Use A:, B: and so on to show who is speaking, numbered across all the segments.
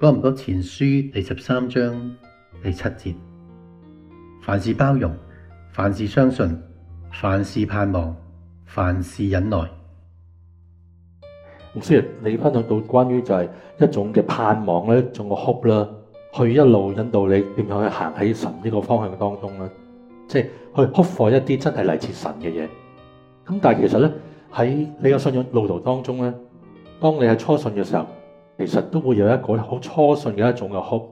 A: 《哥林多前書》第十三章第七節，凡事包容，凡事相信，凡事盼望，凡事忍耐。
B: 雖然你分享到關於就係一種嘅盼望，一種嘅哭啦，去一路引導你點樣去行喺神呢個方向當中咧，即係去哭獲一啲真係嚟自神嘅嘢。咁但係其實咧喺你嘅信仰路途當中咧，當你係初信嘅時候。其實都會有一個好初信嘅一種嘅 hope，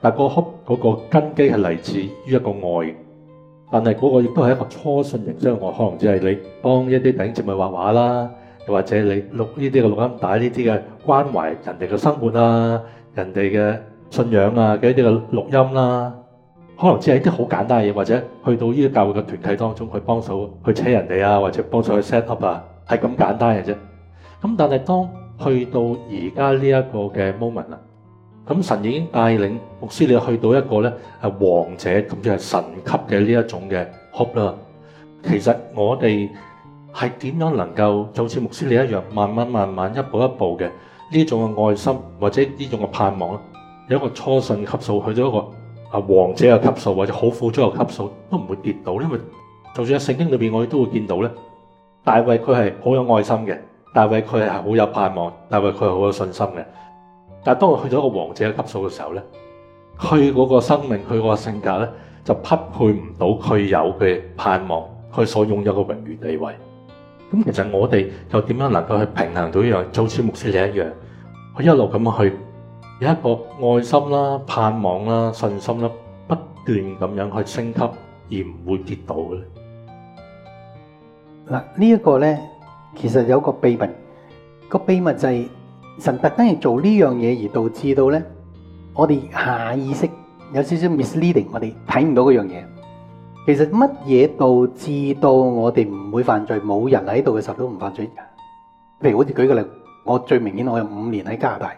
B: 但係個 hope 嗰個根基係嚟自於一個愛，但係嗰個亦都係一個初信形象。我可能只係你幫一啲頂住咪畫畫啦，又或者你錄呢啲嘅錄音帶呢啲嘅關懷人哋嘅生活啦、人哋嘅信仰啊嘅一啲嘅錄音啦，可能只係一啲好簡單嘅嘢，或者去到呢啲教會嘅團體當中去幫手去請人哋啊，或者幫手去 set up 啊，係咁簡單嘅啫。咁但係當去到而家呢一個嘅 moment 啦，咁神已經帶領牧師你去到一個咧係王者，咁就係神級嘅呢一種嘅 hope 啦。其實我哋係點樣能夠，就好似牧師你一樣，慢慢慢慢一步一步嘅呢種嘅愛心或者呢種嘅盼望咧，由一個初信級數去到一個啊王者嘅級數或者好富足嘅級數，都唔會跌倒，因為就算喺聖經裏邊，我哋都會見到咧，大衛佢係好有愛心嘅。大衛佢係好有盼望，大衛佢係好有信心嘅。但係當我去咗一個王者級數嘅時候咧，佢嗰個生命、佢嗰個性格咧，就匹配唔到佢有嘅盼望，佢所擁有嘅榮譽地位。咁其實我哋又點樣能夠去平衡到一樣？就好似穆斯利一樣，佢一路咁樣去有一個愛心啦、盼望啦、信心啦，不斷咁樣去升級，而唔會跌倒嘅咧。
A: 嗱，呢一個咧。其實有個秘密，那個秘密就係神特登而做呢樣嘢，而導致到咧，我哋下意識有少少 misleading，我哋睇唔到嗰樣嘢。其實乜嘢導致到我哋唔會犯罪？冇人喺度嘅時候都唔犯罪噶。譬如好似舉個例，我最明顯，我有五年喺加拿大，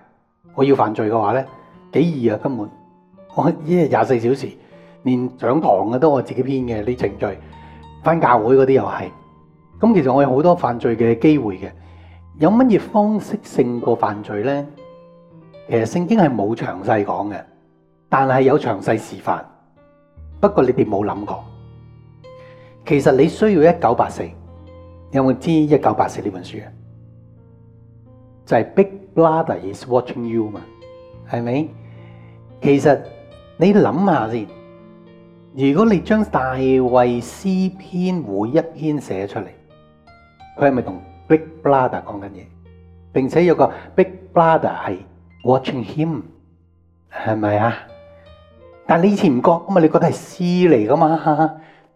A: 我要犯罪嘅話咧，幾易啊根本。我一日廿四小時，連上堂嘅都我自己編嘅啲程序，翻教會嗰啲又係。咁其實我有好多犯罪嘅機會嘅，有乜嘢方式勝過犯罪咧？其實聖經係冇詳細講嘅，但係有詳細示範。不過你哋冇諗過，其實你需要一九八四，有冇知一九八四呢本書啊？就係、是、Big Brother is watching you 嘛，係咪？其實你諗下先，如果你將大衛詩篇每一篇寫出嚟。佢係咪同 Big Brother 講緊嘢？並且有個 Big Brother 係 watching him，係咪啊？但你以前唔覺得，你覺得係詩嚟㗎嘛，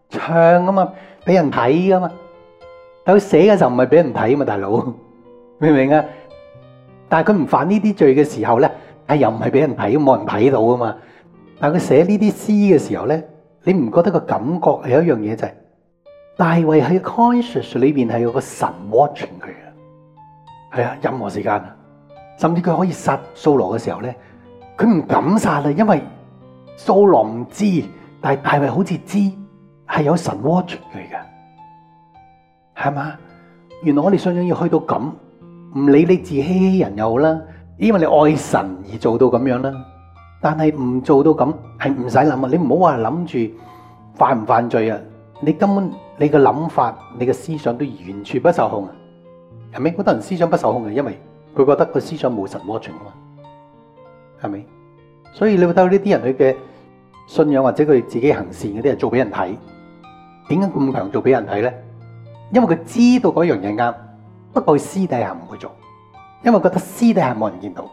A: 唱㗎嘛，畀人睇㗎嘛。但佢寫嘅時候唔係畀人睇嘛，大佬明唔明啊？但係佢唔犯呢啲罪嘅時候呢，又唔係畀人睇，冇人睇到㗎嘛。但佢寫呢啲詩嘅時候呢，你唔覺得個感覺有一樣嘢就係、是？大衛喺 conscious 裏面係有個神 watching 佢嘅，係啊，任何時間，甚至佢可以殺掃羅嘅時候呢，佢唔敢殺啦，因為掃羅唔知，但係大衛好似知係有神 watching 佢嘅，係嘛？原來我哋信仰要去到咁，唔理你自欺欺人又好啦，因為你愛神而做到咁樣啦。但係唔做到咁係唔使諗啊，你唔好話諗住犯唔犯罪啊。你根本你嘅諗法、你嘅思想都完全不受控啊，係咪？好多人思想不受控嘅，因為佢覺得佢思想冇神握權啊嘛，係咪？所以你睇到呢啲人佢嘅信仰或者佢自己行善嗰啲，係做俾人睇，點解咁強做俾人睇呢？因為佢知道嗰樣嘢啱，不過佢私底下唔去做，因為覺得私底下冇人見到，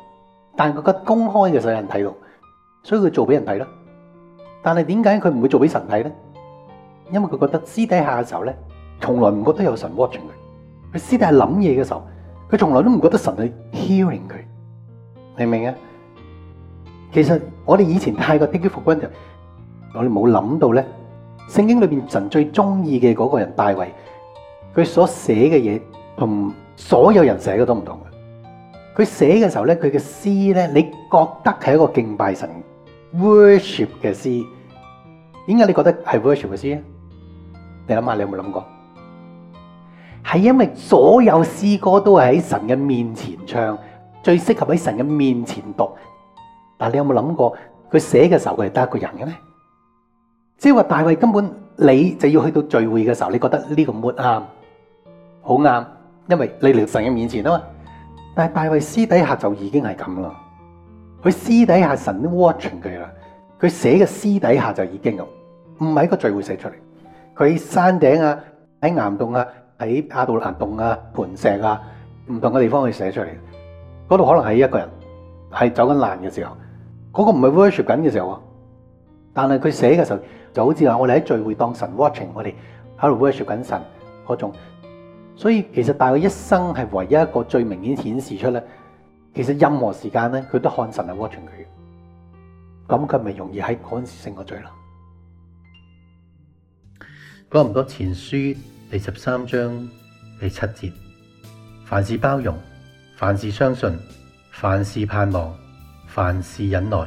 A: 但佢覺得公開就有人睇到，所以佢做俾人睇，但係點解佢唔會做俾神睇呢？因為佢覺得私底下嘅時候咧，從來唔覺得有神 watching 佢。佢私底下諗嘢嘅時候，佢從來都唔覺得神係 hearing 佢。明唔明啊？其實我哋以前太過 take it for granted，我哋冇諗到咧，聖經裏邊神最中意嘅嗰個人大衛，佢所寫嘅嘢同所有人寫嘅都唔同嘅。佢寫嘅時候咧，佢嘅詩咧，你覺得係一個敬拜神 worship 嘅詩，點解你覺得係 worship 嘅詩啊？你諗下，你有冇諗過？係因為所有詩歌都係喺神嘅面前唱，最適合喺神嘅面前讀。但你有冇諗過佢寫嘅時候，佢係得一個人嘅呢？即係話大衛根本你就要去到聚會嘅時候，你覺得呢個 mood 啱好啱，因為你嚟神嘅面前啊嘛。但係大衛私底下就已經係咁啦，佢私底下神都 watching 佢啦。佢寫嘅私底下就已經咁，唔係一個聚會寫出嚟。佢山頂啊，喺岩洞啊，喺亞道蘭洞啊，盤石啊，唔同嘅地方去寫出嚟。嗰度可能係一個人係走緊難嘅時候，嗰、嗰個唔係 worship 緊嘅時候。啊，但係佢寫嘅時候，就好似話我哋喺聚會當神 watching 我哋喺度 worship 緊神嗰種。所以其實大約一生係唯一一個最明顯顯示出咧，其實任何時間咧佢都看神係 watching 佢。咁佢咪容易喺嗰陣時勝過罪咯。哥林多前書第十三章第七節，凡事包容，凡事相信，凡事盼望，凡事忍耐。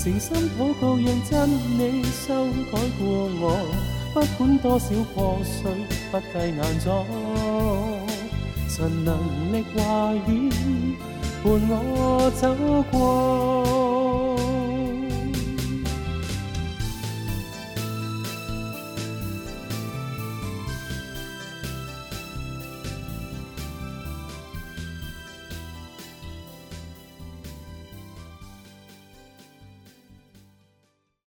C: 誠心禱告，讓真理修改過我，不管多少破碎，不計難阻，神能力話語伴我走過。